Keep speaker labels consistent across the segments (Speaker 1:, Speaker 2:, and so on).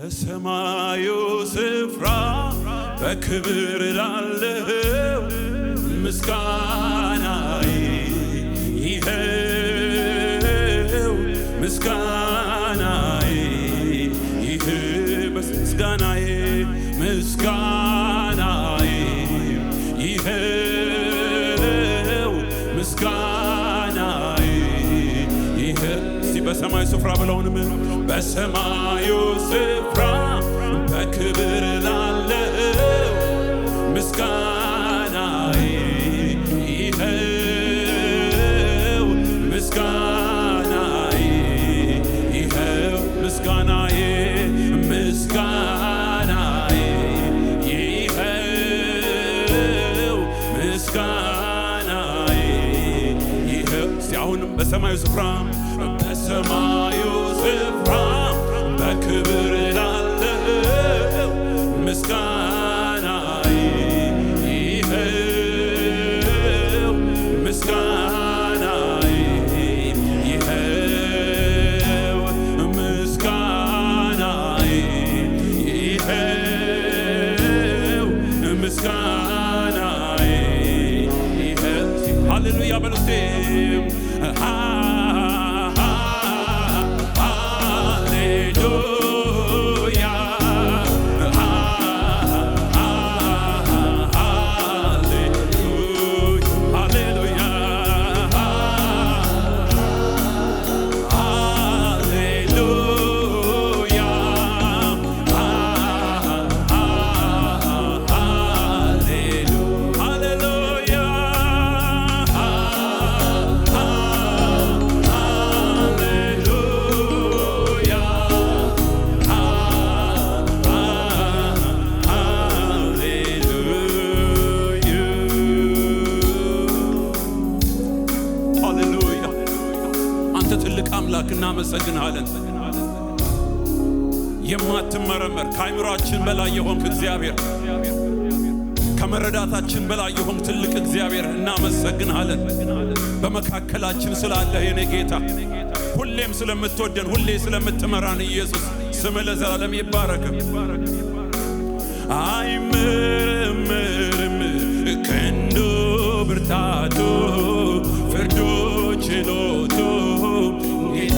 Speaker 1: በሰማዩ ስፍራ በክብር ላለኸው ምስጋናዬ ይኸው ምስጋናዬ ይህ ምስጋናዬ ምስጋናዬ ይኸው በሰማዩ ስፍራ ብለውንም በሰማዩ ስፍራ የማትመረመር ከአይምሯችን በላይ የሆንክ እግዚአብሔር፣ ከመረዳታችን በላይ የሆንክ ትልቅ እግዚአብሔር እናመሰግንሃለን። በመካከላችን ስላለህ የኔ ጌታ፣ ሁሌም ስለምትወደን፣ ሁሌ ስለምትመራን ኢየሱስ ስም ለዘላለም ይባረክም። አይምርምርም ክንዱ ብርታቱ ፍርዱ ችሎቱ ጌታ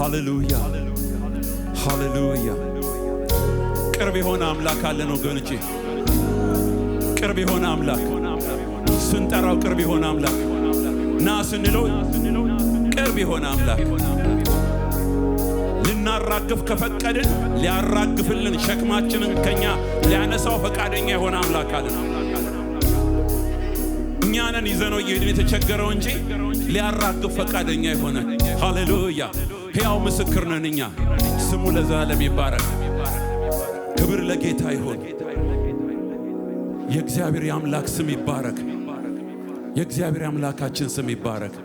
Speaker 1: ሃሌሉያ ሃሌሉያ። ቅርብ የሆነ አምላክ አለን ወገኖቼ፣ ቅርብ የሆነ አምላክ ስንጠራው፣ ቅርብ የሆነ አምላክ ና ስንለው፣ ቅርብ የሆነ አምላክ ልናራግፍ ከፈቀድን ሊያራግፍልን ሸክማችንን ከኛ ሊያነሳው ፈቃደኛ የሆነ አምላክ አለን። እኛንን ይዘነው እየሄድን የተቸገረው እንጂ ሊያራግፍ ፈቃደኛ የሆነ ሃሌሉያ ሕያው ምስክር ነን እኛ። ስሙ ለዘላለም ይባረክ። ክብር ለጌታ ይሁን። የእግዚአብሔር የአምላክ ስም ይባረክ። የእግዚአብሔር የአምላካችን ስም ይባረክ።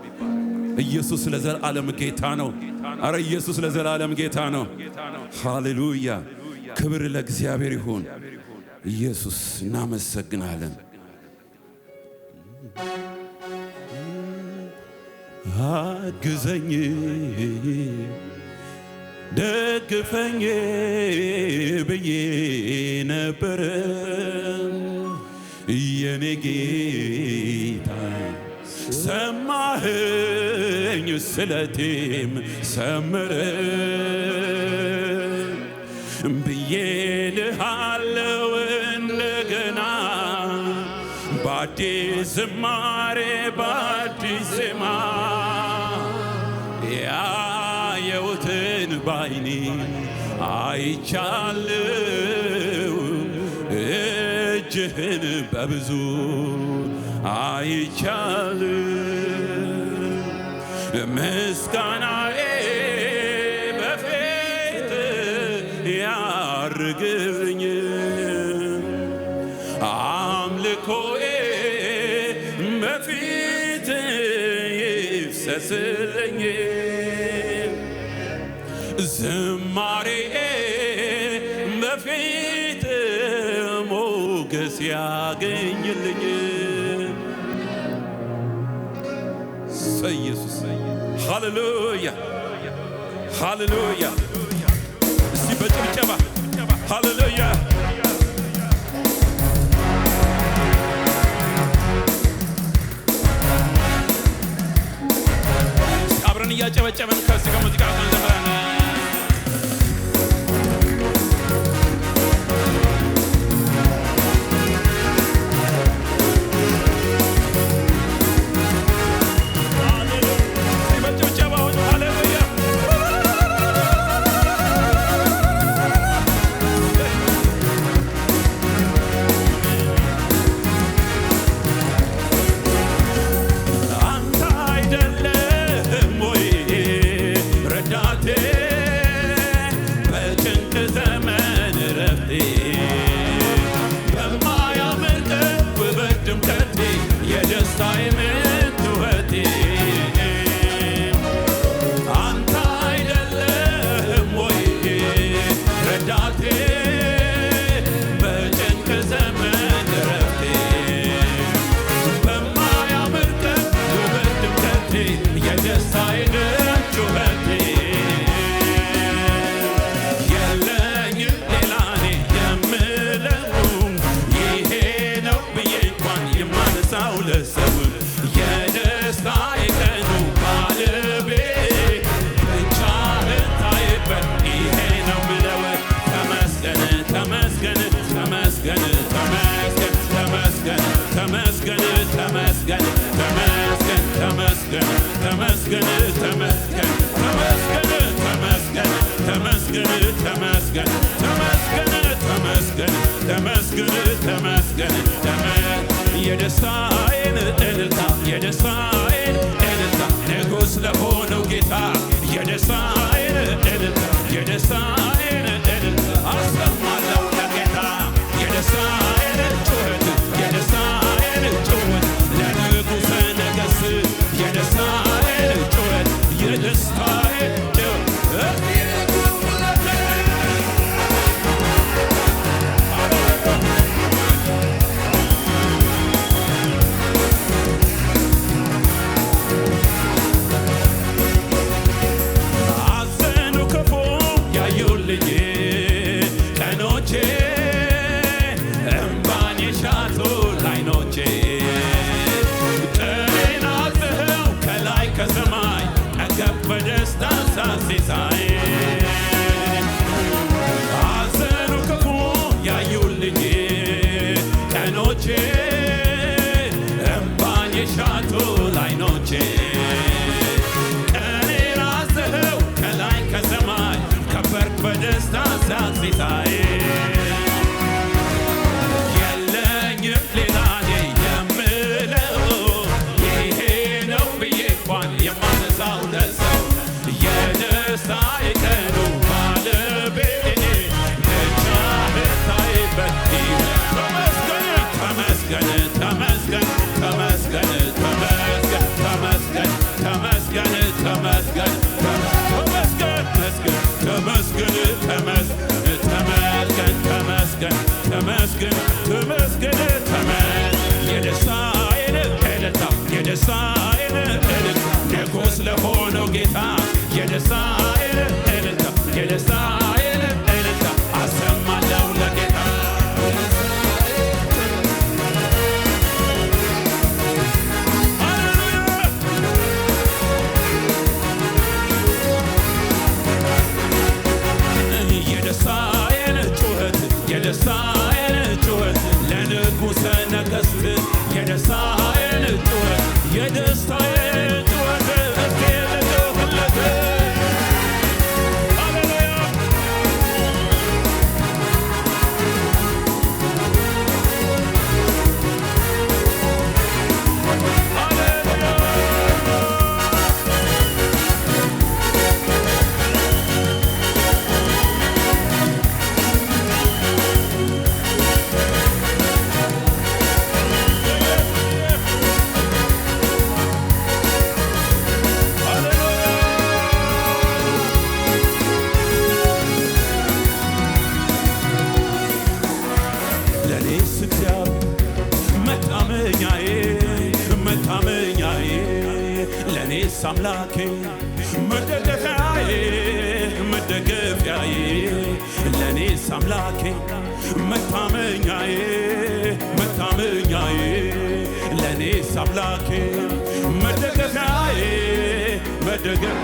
Speaker 1: ኢየሱስ ለዘላለም ጌታ ነው። አረ ኢየሱስ ለዘላለም ጌታ ነው። ሃሌሉያ! ክብር ለእግዚአብሔር ይሁን። ኢየሱስ እናመሰግናለን። አግዘኝ ደግፈኝ ብዬ ነበረ የኔ ጌታ ሰማኸኝ፣ ስለቴም ሰምረ ብዬ ልሃለው እንደገና በአዲስ ዝማ አይቻለው እጅህን በብዙ አይቻል ምስጋና ሲያገኝልኝ ኢየሱስ ሃሌሉያ ሃሌሉያ። እስቲ በጭብጨባ ሃሌሉያ አብረን እያጨበጨበን ከዚህ ከሙዚቃ ተመስገን ተመስገን ተመስገን ተመስገን ተመስገን ተመስገን ተመስገን ተመስገን ተመስገን ተመስገን ተመስገን የደስታዬን እልልታ የደስታዬን እልልታ ንጉሥ ለሆነው ጌታ የደስታዬን እልልታ የደስታ time. መጽናኛዬ ለእኔስ አምላኬ መደገፊያዬ መደገፍ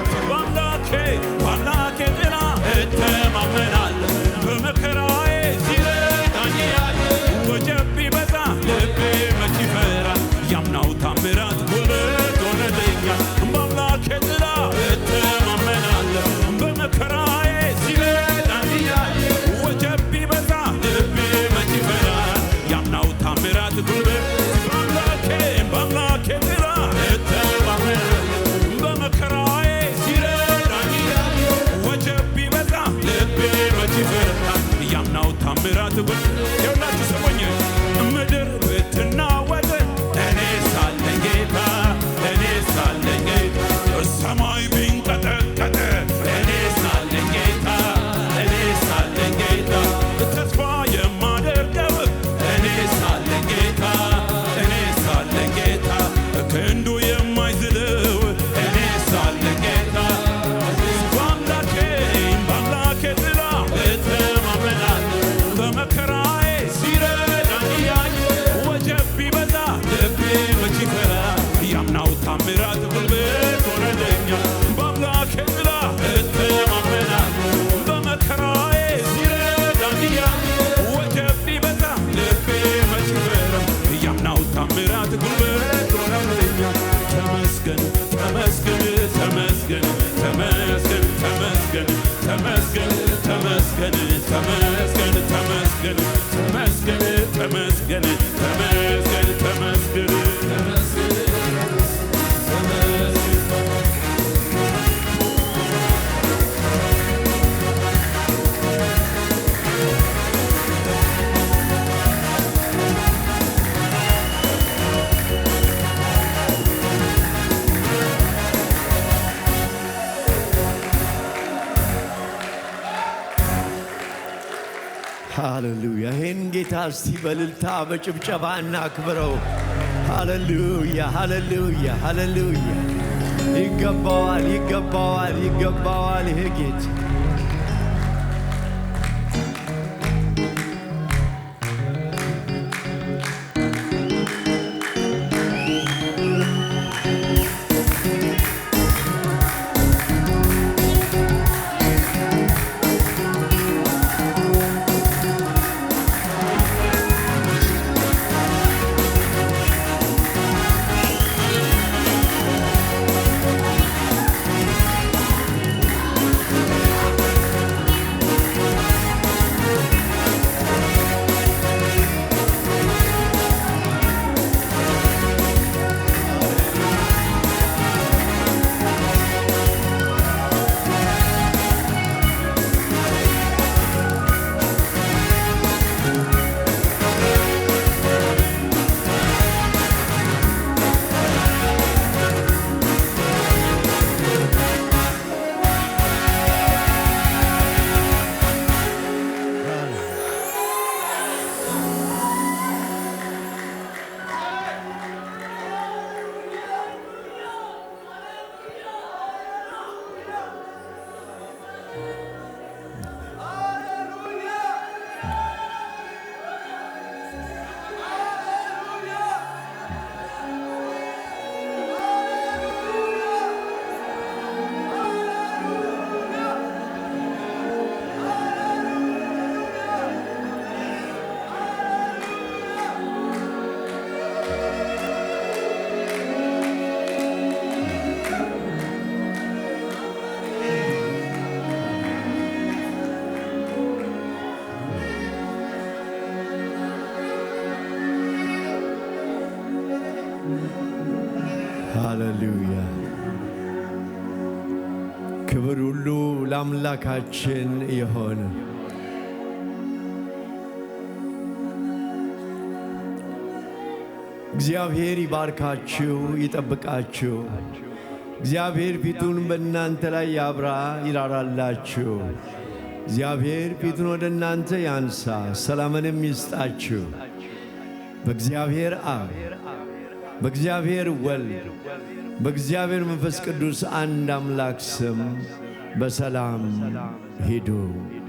Speaker 1: gönül tanır እስቲ በልልታ በጭብጨባ እናክብረው። ሃሌሉያ ሃሌሉያ ሃሌሉያ! ይገባዋል ይገባዋል ይገባዋል ይሄ ጌታ አምላካችን ይሆን እግዚአብሔር ይባርካችሁ፣ ይጠብቃችሁ። እግዚአብሔር ፊቱን በእናንተ ላይ ያብራ፣ ይራራላችሁ። እግዚአብሔር ፊቱን ወደ እናንተ ያንሳ፣ ሰላምንም ይስጣችሁ። በእግዚአብሔር አብ፣ በእግዚአብሔር ወልድ፣ በእግዚአብሔር መንፈስ ቅዱስ አንድ አምላክ ስም bersalam hidup.